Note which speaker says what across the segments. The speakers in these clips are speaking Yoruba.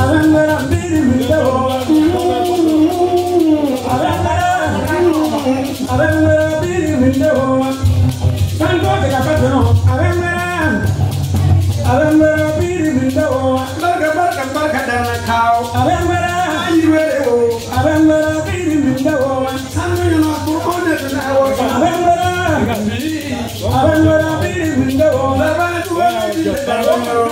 Speaker 1: alangara mbiri mbiro alangara alangara mbiri mbiro sango de kapatano alangara alangara mbiri mbiro barka barka barka dana kao alangara ayiwele o alangara mbiri mbiro sango yana kurone dana o alangara alangara mbiri mbiro barka tuwe mbiro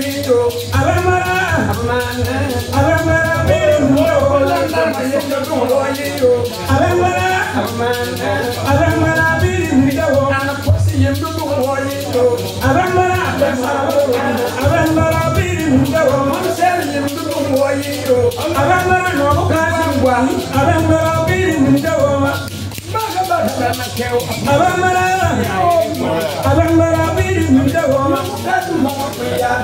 Speaker 1: yìí o. alamara alamara bẹ́ẹ̀ mú o lọ́nà ayé lọ́dún lọ yìí o. alamara alamara bẹ́ẹ̀ mú yàwó pọ́sì yẹn lọ́dún lọ yìí o. alamara alamara bẹ́ẹ̀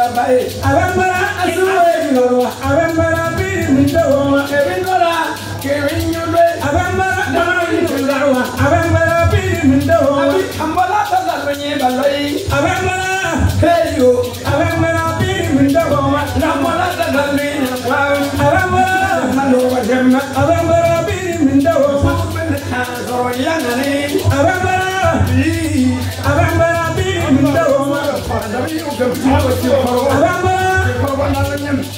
Speaker 1: bàbá yìí. àbẹ̀mbẹ̀rẹ̀ asúnwó ìbìlọ̀rọ̀ wa. àbẹ̀mbẹ̀rẹ̀ bíi ìmìtẹ́wọ̀ wa. èmi nọ́ra kiri ń yún lé. àbẹ̀mbẹ̀rẹ̀ dáná ìtúndà wa. àbẹ̀mbẹ̀rẹ̀ bíi ìmìtẹ́wọ̀ wa. àbí àmbọ́lá tó lànà yẹn bàlọ́ yìí. àbẹ̀mbẹ̀rẹ̀ kéyò. àbẹ̀mbẹ̀rẹ̀ bíi ìmìtẹ́wọ̀ wa. àmbọ́lá tó lànà yẹn wá. àbẹ̀mbẹ̀rẹ̀ àbẹ̀mbẹ̀rẹ̀ bíi ìmìtẹ́wọ̀ wa. àbẹ̀mbẹ̀rẹ̀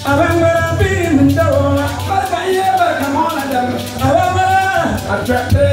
Speaker 1: Abang berapi mendawa, mata ia berkemana dan abang berapi